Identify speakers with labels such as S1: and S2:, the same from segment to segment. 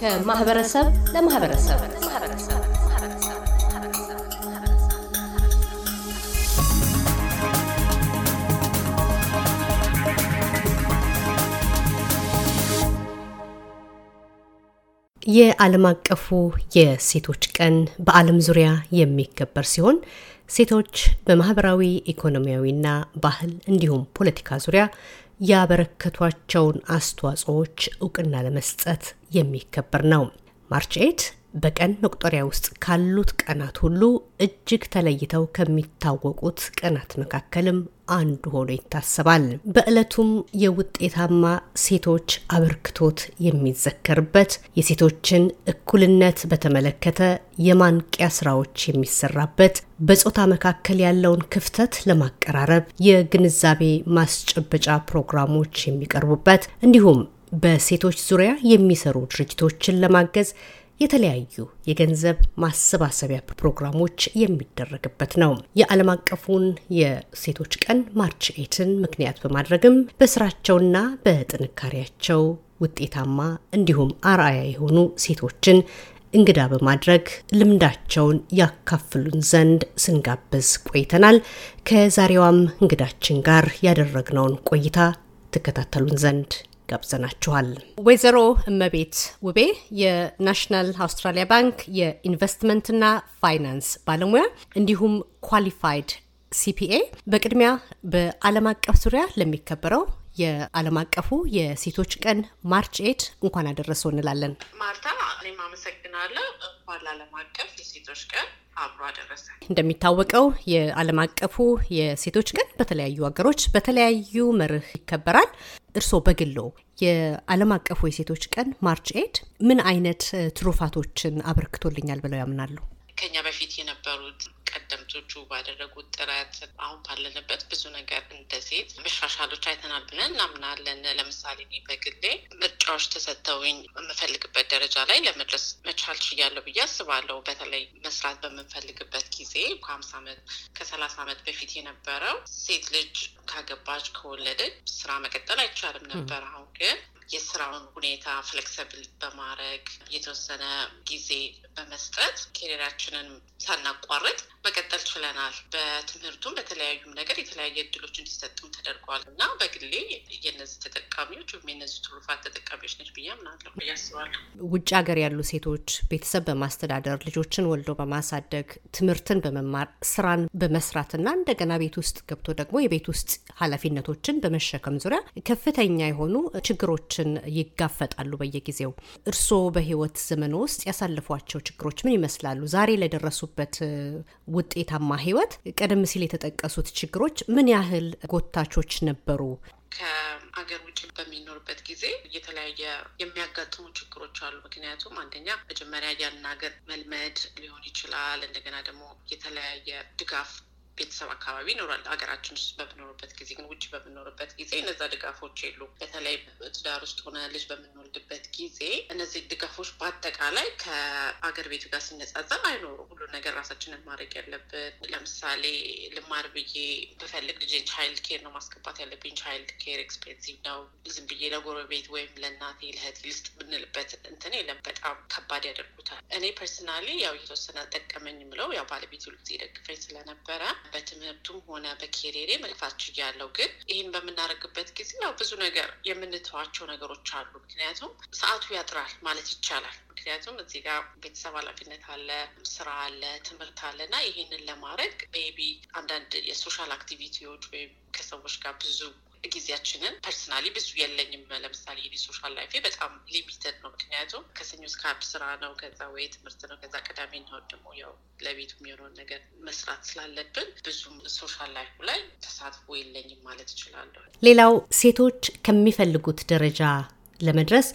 S1: ከማህበረሰብ ለማህበረሰብ የዓለም አቀፉ የሴቶች ቀን በዓለም ዙሪያ የሚከበር ሲሆን ሴቶች በማህበራዊ ኢኮኖሚያዊና ባህል እንዲሁም ፖለቲካ ዙሪያ ያበረከቷቸውን አስተዋጽኦዎች እውቅና ለመስጠት የሚከበር ነው። ማርች ኤት በቀን መቁጠሪያ ውስጥ ካሉት ቀናት ሁሉ እጅግ ተለይተው ከሚታወቁት ቀናት መካከልም አንዱ ሆኖ ይታሰባል። በዕለቱም የውጤታማ ሴቶች አበርክቶት የሚዘከርበት፣ የሴቶችን እኩልነት በተመለከተ የማንቂያ ስራዎች የሚሰራበት፣ በጾታ መካከል ያለውን ክፍተት ለማቀራረብ የግንዛቤ ማስጨበጫ ፕሮግራሞች የሚቀርቡበት እንዲሁም በሴቶች ዙሪያ የሚሰሩ ድርጅቶችን ለማገዝ የተለያዩ የገንዘብ ማሰባሰቢያ ፕሮግራሞች የሚደረግበት ነው። የዓለም አቀፉን የሴቶች ቀን ማርች ኤትን ምክንያት በማድረግም በስራቸውና በጥንካሬያቸው ውጤታማ እንዲሁም አርአያ የሆኑ ሴቶችን እንግዳ በማድረግ ልምዳቸውን ያካፍሉን ዘንድ ስንጋብዝ ቆይተናል። ከዛሬዋም እንግዳችን ጋር ያደረግነውን ቆይታ ትከታተሉን ዘንድ ጋብዘናችኋል። ወይዘሮ እመቤት ውቤ የናሽናል አውስትራሊያ ባንክ የኢንቨስትመንትና ፋይናንስ ባለሙያ እንዲሁም ኳሊፋይድ ሲፒኤ በቅድሚያ በዓለም አቀፍ ዙሪያ ለሚከበረው የዓለም አቀፉ የሴቶች ቀን ማርች ኤድ እንኳን አደረሰው እንላለን።
S2: ማርታ፣ እኔም አመሰግናለሁ። እንኳን ለዓለም አቀፍ የሴቶች ቀን አብሮ አደረሰ።
S1: እንደሚታወቀው የዓለም አቀፉ የሴቶች ቀን በተለያዩ ሀገሮች በተለያዩ መርህ ይከበራል። እርስዎ በግሎ የዓለም አቀፉ የሴቶች ቀን ማርች ኤድ ምን አይነት ትሩፋቶችን አበርክቶልኛል ብለው ያምናሉ?
S2: ከኛ በፊት የነበሩት ቀደምቶቹ ባደረጉት ጥረት አሁን ባለንበት ብዙ ነገር እንደ ሴት መሻሻሎች አይተናል ብለን እናምናለን። ለምሳሌ እኔ በግሌ ምርጫዎች ተሰጥተውኝ የምፈልግበት ደረጃ ላይ ለመድረስ መቻል ችያለሁ ብዬ አስባለሁ። በተለይ መስራት በምንፈልግበት ጊዜ ከሀምሳ ዓመት ከሰላሳ ዓመት በፊት የነበረው ሴት ልጅ ካገባች ከወለደች ስራ መቀጠል አይቻልም ነበር። አሁን ግን የስራውን ሁኔታ ፍሌክስብል በማድረግ የተወሰነ ጊዜ በመስጠት ኬሪራችንን ሳናቋርጥ መቀጠል ችለናል። በትምህርቱም በተለያዩም ነገር የተለያየ እድሎች እንዲሰጡም ተደርጓል እና በግሌ የነዚህ ተጠቃሚዎች ወይም የነዚህ ትሩፋት ተጠቃሚዎች ነች ብዬ አምናለሁ ያስባለሁ።
S1: ውጭ ሀገር ያሉ ሴቶች ቤተሰብ በማስተዳደር ልጆችን ወልዶ በማሳደግ ትምህርትን በመማር ስራን በመስራትና እንደገና ቤት ውስጥ ገብቶ ደግሞ የቤት ውስጥ ኃላፊነቶችን በመሸከም ዙሪያ ከፍተኛ የሆኑ ችግሮች ችግሮችን ይጋፈጣሉ በየጊዜው። እርስዎ በህይወት ዘመን ውስጥ ያሳለፏቸው ችግሮች ምን ይመስላሉ? ዛሬ ለደረሱበት ውጤታማ ህይወት ቀደም ሲል የተጠቀሱት ችግሮች ምን ያህል ጎታቾች ነበሩ? ከአገር ውጭ በሚኖርበት ጊዜ የተለያየ
S2: የሚያጋጥሙ ችግሮች አሉ። ምክንያቱም አንደኛ መጀመሪያ ያን ሀገር መልመድ ሊሆን ይችላል። እንደገና ደግሞ የተለያየ ድጋፍ ቤተሰብ አካባቢ ይኖራል። ሀገራችን ውስጥ በምኖርበት ጊዜ ግን ውጭ በምኖርበት ጊዜ እነዛ ድጋፎች የሉ። በተለይ ትዳር ውስጥ ሆነ ልጅ በምንወልድበት ጊዜ እነዚህ ድጋፎች በአጠቃላይ ከአገር ቤቱ ጋር ሲነጻጸር አይኖሩ ሁሉ ነገር ራሳችንን ማድረግ ያለብን። ለምሳሌ ልማር ብዬ ብፈልግ ልጅ ቻይልድ ኬር ነው ማስገባት ያለብኝ። ቻይልድ ኬር ኤክስፔንሲቭ ነው። ዝም ብዬ ለጎረቤት ወይም ለእናቴ ለእህቴ ልስጥ ብንልበት እንትን የለም። በጣም ከባድ ያደርጉታል። እኔ ፐርስናሊ ያው የተወሰነ ጠቀመኝ ብለው ያው ባለቤት ሁሉ ጊዜ ደግፈኝ ስለነበረ በትምህርቱም ሆነ በኬሬሬ መልፋት ያለው ግን ይህን በምናደርግበት ጊዜ ያው ብዙ ነገር የምንተዋቸው ነገሮች አሉ ምክንያቱም ሰዓቱ ያጥራል ማለት ይቻላል። ምክንያቱም እዚህ ጋር ቤተሰብ ኃላፊነት አለ፣ ስራ አለ፣ ትምህርት አለ እና ይህንን ለማድረግ ቢ አንዳንድ የሶሻል አክቲቪቲዎች ወይም ከሰዎች ጋር ብዙ ጊዜያችንን ፐርስናሊ ብዙ የለኝም። ለምሳሌ የኔ ሶሻል ላይፌ በጣም ሊሚትድ ነው። ምክንያቱም ከሰኞ እስከ ዓርብ ስራ ነው፣ ከዛ ወይ ትምህርት ነው፣ ከዛ ቅዳሜ ነው ደግሞ ያው ለቤቱ የሚሆነውን ነገር መስራት ስላለብን ብዙም ሶሻል ላይፉ ላይ ተሳትፎ የለኝም ማለት እችላለሁ።
S1: ሌላው ሴቶች ከሚፈልጉት ደረጃ ለመድረስ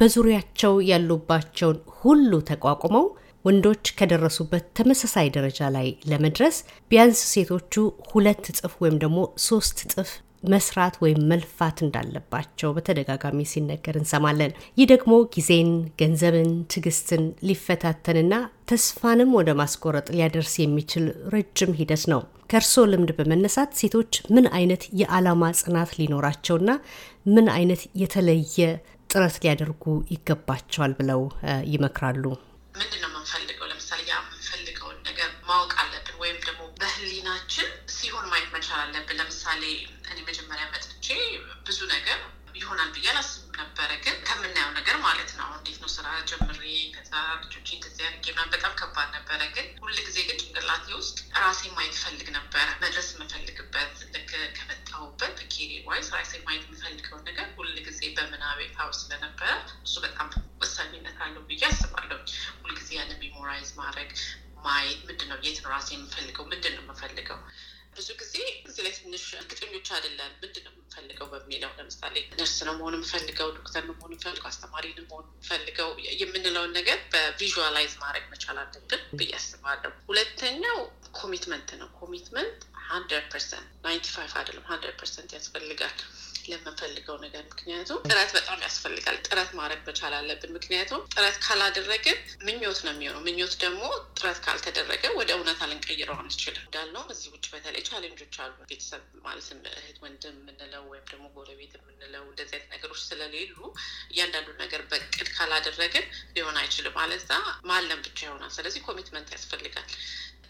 S1: በዙሪያቸው ያሉባቸውን ሁሉ ተቋቁመው ወንዶች ከደረሱበት ተመሳሳይ ደረጃ ላይ ለመድረስ ቢያንስ ሴቶቹ ሁለት እጥፍ ወይም ደግሞ ሶስት እጥፍ መስራት ወይም መልፋት እንዳለባቸው በተደጋጋሚ ሲነገር እንሰማለን። ይህ ደግሞ ጊዜን፣ ገንዘብን፣ ትዕግስትን ሊፈታተንና ተስፋንም ወደ ማስቆረጥ ሊያደርስ የሚችል ረጅም ሂደት ነው። ከእርስዎ ልምድ በመነሳት ሴቶች ምን አይነት የዓላማ ጽናት ሊኖራቸውና ምን አይነት የተለየ ጥረት ሊያደርጉ ይገባቸዋል ብለው ይመክራሉ?
S2: ምንድን ነው የምንፈልገው? ለምሳሌ ያ የምንፈልገውን ነገር ማወቅ አለብን፣ ወይም ደግሞ በህሊናችን ሲሆን ማየት መቻል አለብን። ለምሳሌ እኔ መጀመሪያ መጥቼ ብዙ ነገር ይሆናል ብዬ አላስብም ነበረ። ግን ከምናየው ነገር ማለት ነው እንዴት ነው ስራ ጀምሬ ከዛ ልጆች እንደዚህ አድርጌ ምናምን በጣም ከባድ ነበረ። ግን ሁል ጊዜ ግን ጭንቅላቴ ውስጥ ራሴ ማየት ፈልግ ነበረ መድረስ የምፈልግበት ልክ ከመጣሁበት ኬሪር ዋይስ ራሴ ማየት የምፈልገው ነገር ሁል ጊዜ በምናቤ ታው ስለነበረ እሱ በጣም ወሳኝነት አለው ብዬ አስባለሁ። ሁልጊዜ ያን ሜሞራይዝ ማድረግ ማየት ምንድን ነው የት ነው ራሴ የምፈልገው ምንድን ነው የምፈልገው ብዙ ጊዜ እዚህ ላይ ትንሽ እርግጠኞች አደላል ምንድን ነው የምንፈልገው በሚለው ለምሳሌ ነርስ ነው መሆን የምፈልገው፣ ዶክተር ነው መሆን የምፈልገው፣ አስተማሪ ነው መሆን የምፈልገው የምንለውን ነገር በቪዥዋላይዝ ማድረግ መቻል አለብን ብዬ አስባለሁ። ሁለተኛው ኮሚትመንት ነው። ኮሚትመንት ሀንድረድ ፐርሰንት ናይንቲ ፋይቭ አይደለም ሀንድረድ ፐርሰንት ያስፈልጋል። ለምንፈልገው ነገር። ምክንያቱም ጥረት በጣም ያስፈልጋል። ጥረት ማድረግ መቻል አለብን። ምክንያቱም ጥረት ካላደረገ ምኞት ነው የሚሆነው። ምኞት ደግሞ ጥረት ካልተደረገ ወደ እውነታ ልንቀይረው አንችልም። እንዳልነውም እዚህ ውጭ በተለይ ቻሌንጆች አሉ። ቤተሰብ ማለትም እህት ወንድም የምንለው ወይም ደግሞ ጎረቤት የምንለው እንደዚህ አይነት ነገሮች ስለሌሉ እያንዳንዱ ነገር በቅድ ካላደረግን ሊሆን አይችልም። አለዛ ማለም ብቻ ይሆናል። ስለዚህ ኮሚትመንት ያስፈልጋል።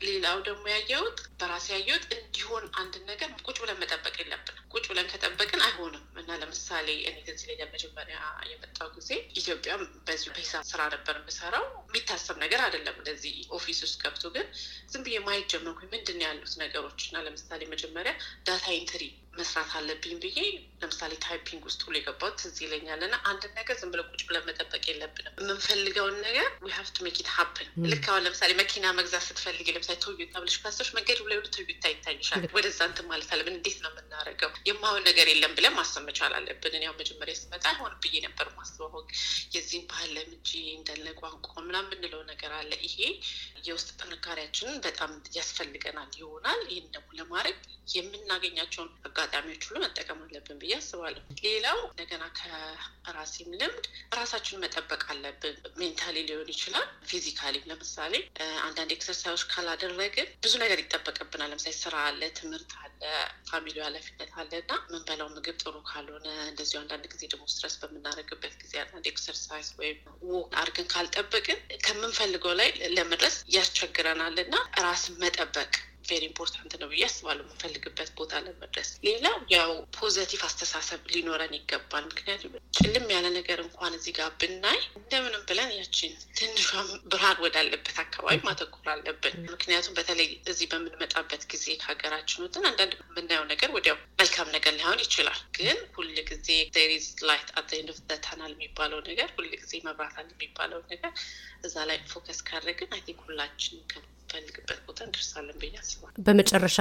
S2: ሌላው ደግሞ ያየውት በራሴ ያየውት እንዲሆን አንድን ነገር ቁጭ ብለን መጠበቅ የለብንም። ቁጭ ብለን ከጠበቅን አይሆንም እና ለምሳሌ እኔ ከዚህ ላይ መጀመሪያ የመጣው ጊዜ ኢትዮጵያ በዚሁ በሂሳብ ስራ ነበር የምሰራው። የሚታሰብ ነገር አይደለም። እንደዚህ ኦፊስ ውስጥ ገብቶ ግን ዝም ብዬ ማየት ምንድን ያሉት ነገሮች እና ለምሳሌ መጀመሪያ ዳታ ኢንትሪ መስራት አለብኝ ብዬ ለምሳሌ ታይፒንግ ውስጥ ሁሉ የገባሁት ትዝ ይለኛል። ና አንድ ነገር ዝም ብለ ቁጭ ብለን መጠበቅ የለብንም። የምንፈልገውን ነገር ዊ ሀቭ ቱ ሜክ ኢት ሀፕን። ልክ አሁን ለምሳሌ መኪና መግዛት ስትፈልግ ለምሳሌ ቶዮታ ብለሽ ካሰች መንገድ ብላ ቶዮታ ይታይሻል። ወደዛ እንትን ማለት አለብን። እንዴት ነው የምናደርገው? የማይሆን ነገር የለም ብለን ማሰብ መቻል አለብን። ያው መጀመሪያ ስመጣ አይሆን ብዬ ነበር ማስበው። የዚህም ባህል ለምጂ እንዳለ ቋንቋ ምናምን የምንለው ነገር አለ። ይሄ የውስጥ ጥንካሬያችንን በጣም ያስፈልገናል ይሆናል። ይህን ደግሞ ለማድረግ የምናገኛቸውን አጋጣሚዎች ሁሉ መጠቀም አለብን ብዬ አስባለሁ። ሌላው እንደገና ከራሴም ልምድ ራሳችን መጠበቅ አለብን። ሜንታሊ ሊሆን ይችላል፣ ፊዚካሊም። ለምሳሌ አንዳንድ ኤክሰርሳይዞች ካላደረግን ብዙ ነገር ይጠበቅብናል። ለምሳሌ ስራ አለ፣ ትምህርት አለ፣ ፋሚሊ ኃላፊነት አለ እና ምንበላው ምግብ ጥሩ ካልሆነ እንደዚሁ አንዳንድ ጊዜ ደግሞ ስትረስ በምናደርግበት ጊዜ አንዳንድ ኤክሰርሳይዝ ወይም ወክ አድርገን ካልጠበቅን ከምንፈልገው ላይ ለመድረስ ያስቸግረናል እና ራስን መጠበቅ ቬሪ ኢምፖርታንት ነው ብዬ አስባለሁ። የምንፈልግበት ቦታ ለመድረስ ሌላው ያው ፖዘቲቭ አስተሳሰብ ሊኖረን ይገባል። ምክንያቱም ጭልም ያለ ነገር እንኳን እዚህ ጋር ብናይ እንደምንም ብለን ያችን ትንሿም ብርሃን ወዳለበት አካባቢ ማተኮር አለብን። ምክንያቱም በተለይ እዚህ በምንመጣበት ጊዜ ከሀገራችን ወጥተን አንዳንድ የምናየው ነገር ወዲያው መልካም ነገር ላይሆን ይችላል። ግን ሁል ጊዜ ሪዝ ላይት አት ዘ ኤንድ ኦፍ ዘ ታናል የሚባለው ነገር ሁል ጊዜ መብራት አለ የሚባለው ነገር እዛ ላይ ፎከስ ካደረግን አይ ቲንክ ሁላችን የምንፈልግበት ቦታ እንደርሳለን ብዬ አስባለሁ።
S1: በመጨረሻ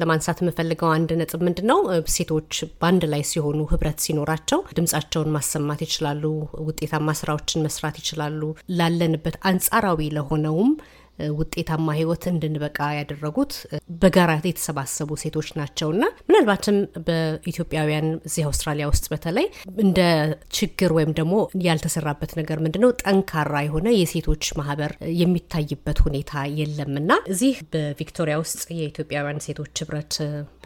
S1: ለማንሳት የምፈልገው አንድ ነጥብ ምንድን ነው፣ ሴቶች በአንድ ላይ ሲሆኑ ህብረት ሲኖራቸው ድምጻቸውን ማሰማት ይችላሉ፣ ውጤታማ ስራዎችን መስራት ይችላሉ። ላለንበት አንጻራዊ ለሆነውም ውጤታማ ህይወት እንድንበቃ ያደረጉት በጋራ የተሰባሰቡ ሴቶች ናቸውና ምናልባትም በኢትዮጵያውያን እዚህ አውስትራሊያ ውስጥ በተለይ እንደ ችግር ወይም ደግሞ ያልተሰራበት ነገር ምንድነው ጠንካራ የሆነ የሴቶች ማህበር የሚታይበት ሁኔታ የለም እና እዚህ በቪክቶሪያ ውስጥ የኢትዮጵያውያን ሴቶች ህብረት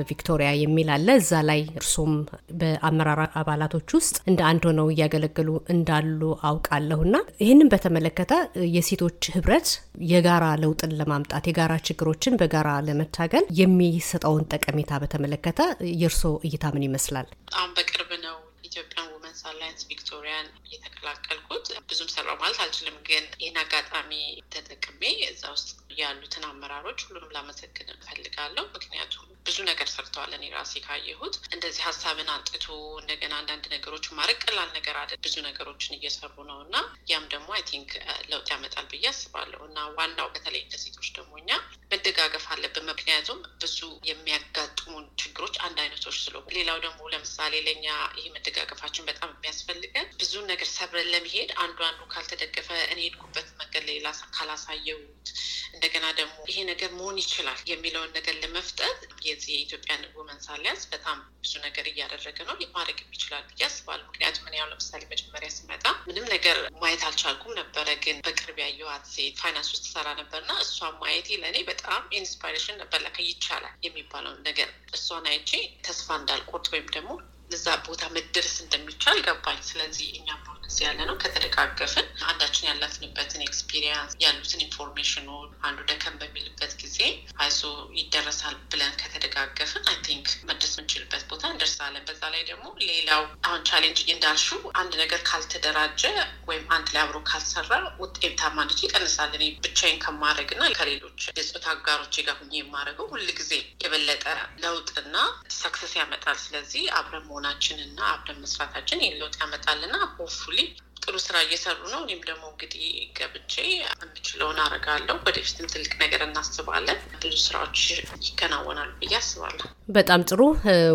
S1: በቪክቶሪያ የሚል አለ። እዛ ላይ እርሶም በአመራር አባላቶች ውስጥ እንደ አንድ ሆነው እያገለገሉ እንዳሉ አውቃለሁና ይህንን በተመለከተ የሴቶች ህብረት የጋ የጋራ ለውጥን ለማምጣት የጋራ ችግሮችን በጋራ ለመታገል የሚሰጠውን ጠቀሜታ በተመለከተ የእርስዎ እይታ ምን ይመስላል? በጣም በቅርብ
S2: ነው ኢትዮጵያን ውመንስ አላያንስ ቪክቶሪያን እየተቀላቀልኩት ብዙም ሰራው ማለት አልችልም፣ ግን ይህን አጋጣሚ ተጠቅሜ እዛ ውስጥ ያሉትን አመራሮች ሁሉንም ላመሰግን እፈልጋለሁ። ምክንያቱም ብዙ ነገር ሰርተዋል። እኔ ራሴ ካየሁት እንደዚህ ሀሳብን አንጥቶ እንደገና አንዳንድ ነገሮች ማድረግ ቀላል ነገር አለ። ብዙ ነገሮችን እየሰሩ ነው እና ያም ደግሞ አይ ቲንክ uh, ለውጥ ያመጣል ብዬ አስባለሁ። እና ዋናው በተለይ እንደ ሴቶች ደግሞ እኛ መደጋገፍ አለብን። ምክንያቱም ብዙ የሚያጋጥሙን ችግሮች አንድ አይነቶች ስለሆኑ፣ ሌላው ደግሞ ለምሳሌ ለእኛ ይህ መደጋገፋችን በጣም የሚያስፈልገን ብዙ ነገር ሰብረን ለመሄድ አንዱ አንዱ ካልተደገፈ እኔ ሄድኩበት መንገድ ሌላ ካላሳየሁት እንደገና ደግሞ ይሄ ነገር መሆን ይችላል የሚለውን ነገር ለመፍጠት የዚህ የኢትዮጵያን ውመንስ ሳሊያስ በጣም ብዙ ነገር እያደረገ ነው። ማድረግ ይችላል ብዬ አስባለሁ። ምክንያቱም እኔ ያው ለምሳሌ መጀመሪያ ስመጣ ምንም ነገር ማየት አልቻልኩም ነበረ፣ ግን በቅርብ ያየኋት ሴት ፋይናንስ ውስጥ ነበር ነበርና እሷ ማየቴ ለእኔ በጣም ኢንስፓሬሽን ነበር። ለካ ይቻላል የሚባለውን ነገር እሷን አይቼ ተስፋ እንዳልቆርጥ ወይም ደግሞ እዛ ቦታ መድረስ እንደሚቻል ገባኝ። ስለዚህ እኛ እዚህ ያለ ነው። ከተደጋገፍን አንዳችን ያላትንበትን ኤክስፒሪየንስ ያሉትን ኢንፎርሜሽኑ አንዱ ደከም በሚልበት ጊዜ አይዞ ይደረሳል ብለን ከተደጋገፍን አይ ቲንክ መድረስ የምንችልበት ቦታ እንደርሳለን። በዛ ላይ ደግሞ ሌላው አሁን ቻሌንጅ እንዳልሹ አንድ ነገር ካልተደራጀ ወይም አንድ ላይ አብሮ ካልሰራ ውጤታማ ልጅ ይቀንሳል። እኔ ብቻዬን ከማድረግ እና ከሌሎች የጾታ አጋሮች ጋር ሁኜ የማደርገው ጊዜ የበለጠ ለውጥና ሰክሰስ ያመጣል። ስለዚህ አብረን መሆናችን እና አብረን መስራታችን ለውጥ ያመጣልና ሆፕፉሊ ያደረጉልኝ ጥሩ ስራ እየሰሩ ነው። እኔም ደግሞ እንግዲህ ገብቼ የምችለውን አረጋለሁ። ወደፊትም ትልቅ ነገር እናስባለን። ብዙ ስራዎች ይከናወናሉ ብዬ አስባለሁ።
S1: በጣም ጥሩ።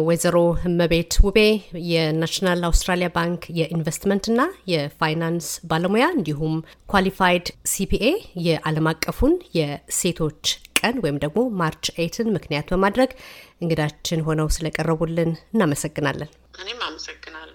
S1: ወይዘሮ እመቤት ውቤ የናሽናል አውስትራሊያ ባንክ የኢንቨስትመንትና የፋይናንስ ባለሙያ እንዲሁም ኳሊፋይድ ሲፒኤ የዓለም አቀፉን የሴቶች ቀን ወይም ደግሞ ማርች ኤትን ምክንያት በማድረግ እንግዳችን ሆነው ስለቀረቡልን እናመሰግናለን። እኔም አመሰግናለሁ።